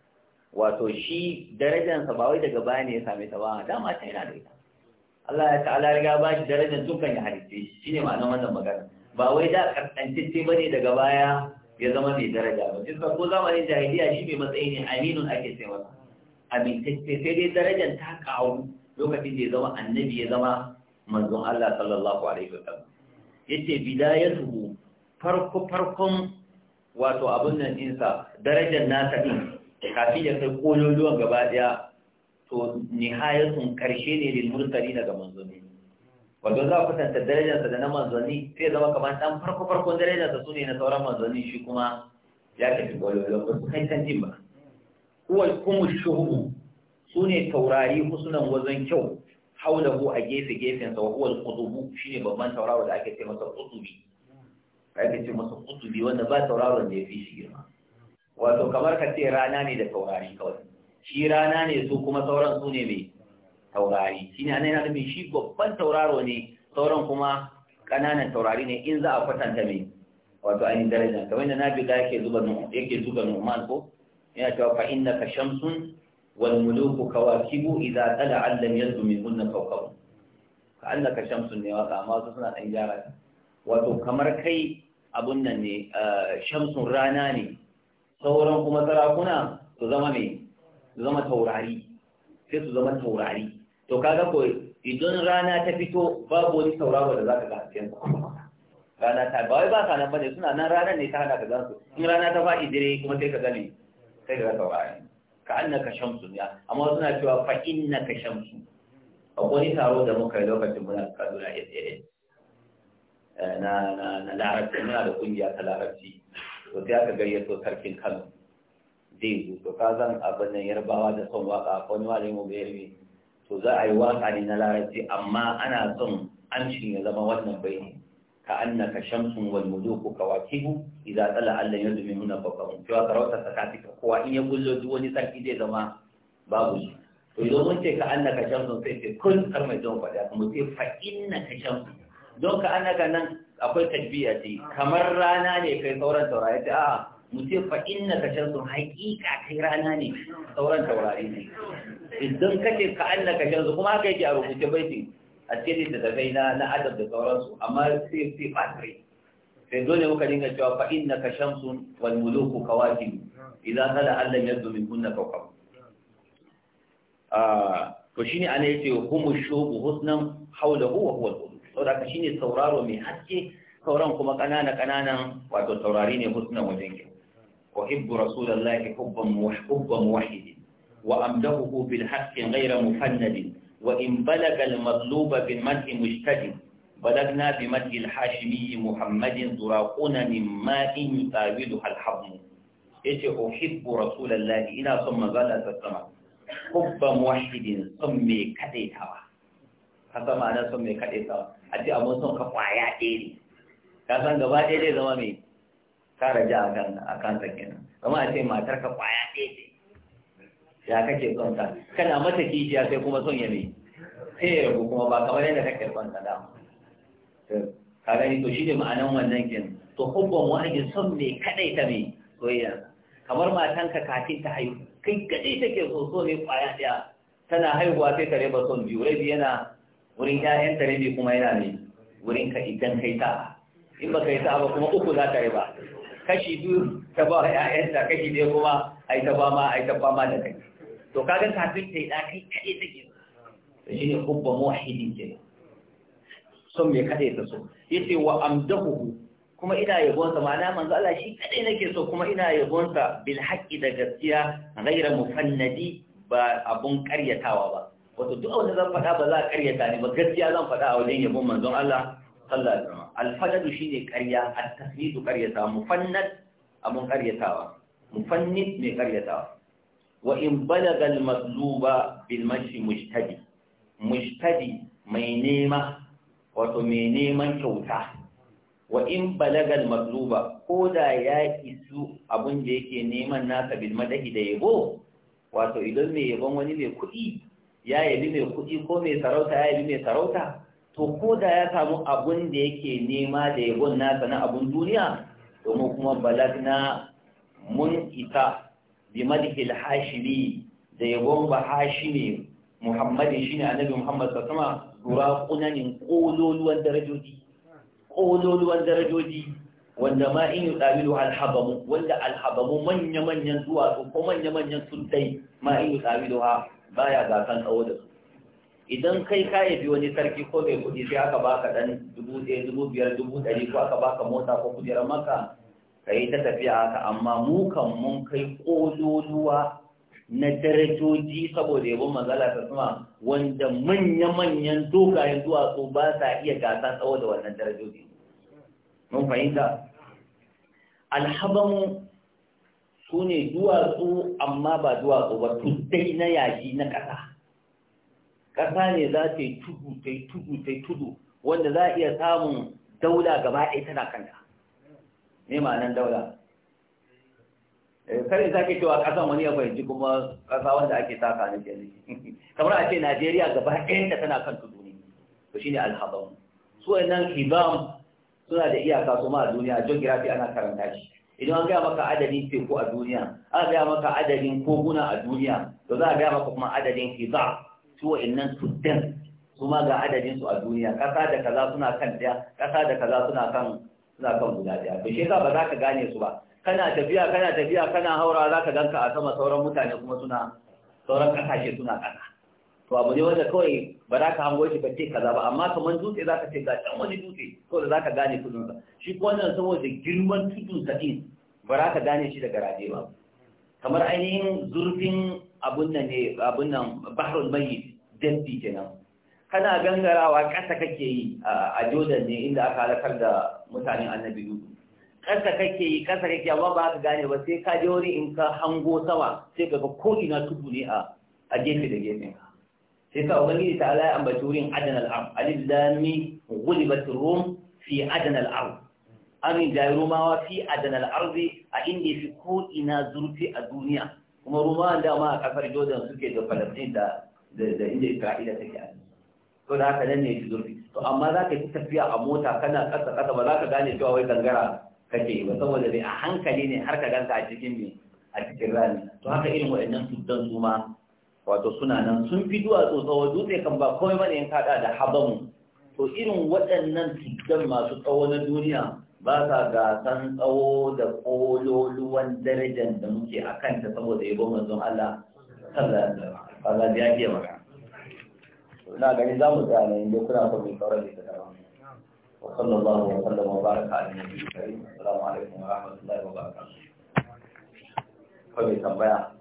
wato shi darajansa ba wai daga baya ne ya same ta ba dama ta yana da ita Allah ya ta'ala riga ba shi darajar dukkan ya halitta shi ne ma'anar wannan magana ba wai da karkantacce ba ne daga baya ya zama mai daraja ba duk ko zamanin jahiliya shi mai matsayi ne aminun ake sai masa amintacce sai dai darajar ta kawo lokacin da ya zama annabi ya zama manzon Allah sallallahu alaihi wa sallam yace bidayatu farko farkon wato abun nan insa darajar nasa din kafin ya kai kololuwan gaba daya to nihayatun karshe ne da murtali daga manzoni. wato za ku tanta darajarsa da na manzoni, sai zama kamar dan farko farkon darajarsa sune na sauran manzoni shi kuma ya tafi kololuwan ba su kai san jin ba huwa kuma shuhu sune taurari husunan wazan kyau haulahu a gefe gefen sa huwa al-qutubu shine babban tauraro da ake ce masa qutubi ake ce masa qutubi wanda ba tauraron da ya fi shi girma wato kamar ka ce rana ne da taurari kawai shi rana ne su kuma sauran su ne mai taurari shi ne ana yana nufin shi babban tauraro ne sauran kuma ƙananan taurari ne in za a kwatanta mai wato ainihin darajar kamar yadda na biga yake zuba yake zuba numan ko yana cewa fa inna ka shamsun wal muluku kawakibu idza tala allam yazu min kunna kawkaw ka anna ka shamsun ne waka amma wasu suna dan gyara wato kamar kai abun nan ne eh, shamsun rana ne sauran kuma sarakuna su zama mai su zama taurari sai su zama taurari to kaga ko idan rana ta fito babu wani sauraro da zaka ga cikin rana ta ba wai ba ka nan bane suna nan ranar ne ta hada ka gansu in rana ta faɗi dire kuma sai ka gane sai ka ga taurari ka annaka shamsu ya amma suna cewa fa innaka shamsu akwai taro da muka yi lokacin muna Kaduna SAS eh, na na na larabci muna da kungiya ta larabci to sai aka gayyato sarkin kano zai zo to ka zan abin nan yarbawa da son waka wani wani mu bayarbe to za a yi waka ne na larabci amma ana son amshin ya zama wannan bai ka annaka shamsun wal muluku kawakibu idza tala allan yadmi huna babahum to ka rawata sakatika kowa in ya gullo duk wani sarki zai zama babu shi to idan mun ce ka annaka shamsun sai ce kun kar mai don fada mu sai fa innaka shamsun don ka ana daga nan akwai tadbiya ce kamar rana ne kai sauran taurari ta a mutum fa inna ka shamsun haƙiƙa kai rana ne sauran taurari ne idan ka ce ka an daga su kuma haka yake a rubuce ce a cikin ta kai na adab da sauransu amma sai sai fatire sai dole muka dinga cewa fa inna ka shamsun wal muluku kawaki idan kada Allah ya zo min kunna kawkab ah, to shine ana yace humu shubu husnan hawla huwa huwa saboda shi ne sauraro mai haske sauran kuma ƙanana ƙananan wato taurari ne husnan wajen ki wa hibbu rasulullahi hubban muhibban wahid wa amdahu bil haqqi ghayra mufannad wa in balaga al madluba bil mad'i mushtadi balagna bi mad'i al hashimi muhammadin duraquna min ma'in tawidu al habmu yace uhibbu rasulullahi ina son manzala ta sama hubban wahid son me kadaitawa ka san ma'anar son mai kaɗe sawa a ce abun son ka kwaya ɗaya ne ka san gaba ɗaya zai zama mai kara ja a kan a kansa kenan kuma a ce matar ka kwaya ɗaya ya kake son ta kana mata kijiya sai kuma son ya mai sai ya rabu kuma ba kamar yadda kake son ta dama ka gani to shi ne ma'anan wannan kenan to hubban wani son mai kaɗai ta mai soyayya kamar matanka kafin ta haihu kai kaɗai take so so ne kwaya ɗaya tana haihuwa sai ka raba son biyu biyu yana wurin ƴaƴan ta ne kuma yana ne wurin ka idan kai ta in ba kai ta ba kuma uku za ta ba. kashi biyu ta ba wa ta kashi ɗaya kuma ai ta ba ma ai ta ba ma da kai to kaga kafin ta yi da kai kaɗai ta ke to shine ubba muwahhidin kenan son mai kaɗai ta so ce wa amdahu kuma ina yabonsa ma'ana manzo Allah shi kadai nake so kuma ina yabonsa bil haqqi da gaskiya ghayra mufannadi ba abun ƙaryatawa ba wato duk wanda zan faɗa ba za a ƙaryata ne ba gaskiya zan faɗa a wajen yabon manzon Allah sallallahu alaihi wasallam alfadadu shine ƙarya at-tasnidu ƙaryata mufannad abun ƙaryatawa mufannid mai ƙaryatawa wa in balagal al-madluba bil mashi mujtadi mujtadi mai nema wato mai neman kyauta wa in balagal magluba ko da ya isu abin da yake neman nasa bil madahi da yabo wato idan mai yabon wani mai kuɗi ya yabi mai kuɗi ko mai sarauta ya yabi mai sarauta to ko da ya samu abun da yake nema da yabon nasa na abun duniya domin kuma balagna mun isa bi madhil hashimi da yabon ba hashimi muhammadin shine annabi muhammad sallallahu alaihi zura kunanin kololuwan darajoji kololuwan darajoji wanda ma in yi tsabilu alhabamu wanda alhabamu manya-manyan zuwa ko manya-manyan sultai ma in yi tsabilu ha baya gasan tsawo da su idan kai ka bi wani sarki ko mai kuɗi sai aka baka ɗan dubu ɗaya dubu biyar dubu ɗari ko aka baka mota ko kujerar maka ka yi ta tafiya haka amma mu kan mun kai ƙololuwa na darajoji saboda yabon mazala ta sama wanda manya-manyan dogayen duwatsu ba sa iya gasa tsawo da wannan darajoji mun fahimta alhabamu su ne duwatsu amma ba duwatsu ba tuddai na yaji na ƙasa ƙasa ne za ta yi tudu ta yi tudu ta yi tudu wanda za a iya samun daula gaba ɗaya tana kanta ne ma'anan daula eh, kare za ke cewa ƙasan wani ya fahimci kuma ƙasa wanda ake taka na ke kamar a ce najeriya gaba ɗaya da tana kan tudu ne to shine alhabam su nan hibam suna da iyaka su ma a duniya geography ana karanta shi idan an gaya maka adadin teku a duniya aka gaya maka adadin koguna a duniya to za a gaya maka kuma adadin hiza su wa'annan tuddan su ma ga adadin su a duniya kasa da kaza suna kan daya kasa da kaza suna kan suna kan guda daya to shi ba za ka gane su ba kana tafiya kana tafiya kana haura za ka ganka a sama sauran mutane kuma suna sauran kasashe suna kasa to abu ne wanda kawai ba za ka hango shi ka ce kaza ba amma kamar dutse za ka ce ga can wani dutse ko da za ka gane sa shi ko wannan saboda girman tutun din ba za ka gane shi da garaje ba kamar ainihin zurfin abun nan ne abun nan bahrul mayyit kenan kana gangarawa ƙasa kake yi a jodan ne inda aka halakar da mutanen annabi Nuhu ƙasa kake yi ƙasa kake amma ba ka gane ba sai ka je wuri in ka hango sama sai ka ga ko ina tudu ne a gefe da gefe. sai sa ubangiji ta ala ambaci wurin adana al'am alif lami gulibat rum fi adana al'am an jayi rumawa fi adana arzi a inda fi ko ina zurfi a duniya kuma rumawa da ma a kafar jordan suke da falastin da da inda isra'ila take a to da haka nan ne fi zurfi to amma za ka yi tafiya a mota kana ƙasa ƙasa ba za ka gane cewa wai gangara kake yi ba saboda dai a hankali ne har ka ganka a cikin me a cikin rami to haka irin waɗannan tuddan su ma wato suna nan sun fi duwatsu tsawo dutse kan ba komai mana in kada da habamu to irin waɗannan tuddan masu tsawo na duniya ba sa gasan tsawo da kololuwan darajar da muke a kanta saboda ya yabo manzon Allah sallallahu alaihi wasallam ya ke maka ina gani za mu tsaya nan inda kuna son mai sauran da ta wa sallallahu wa sallam wa baraka ala nabiyyi karim assalamu alaikum wa rahmatullahi wa barakatuh kawai tambaya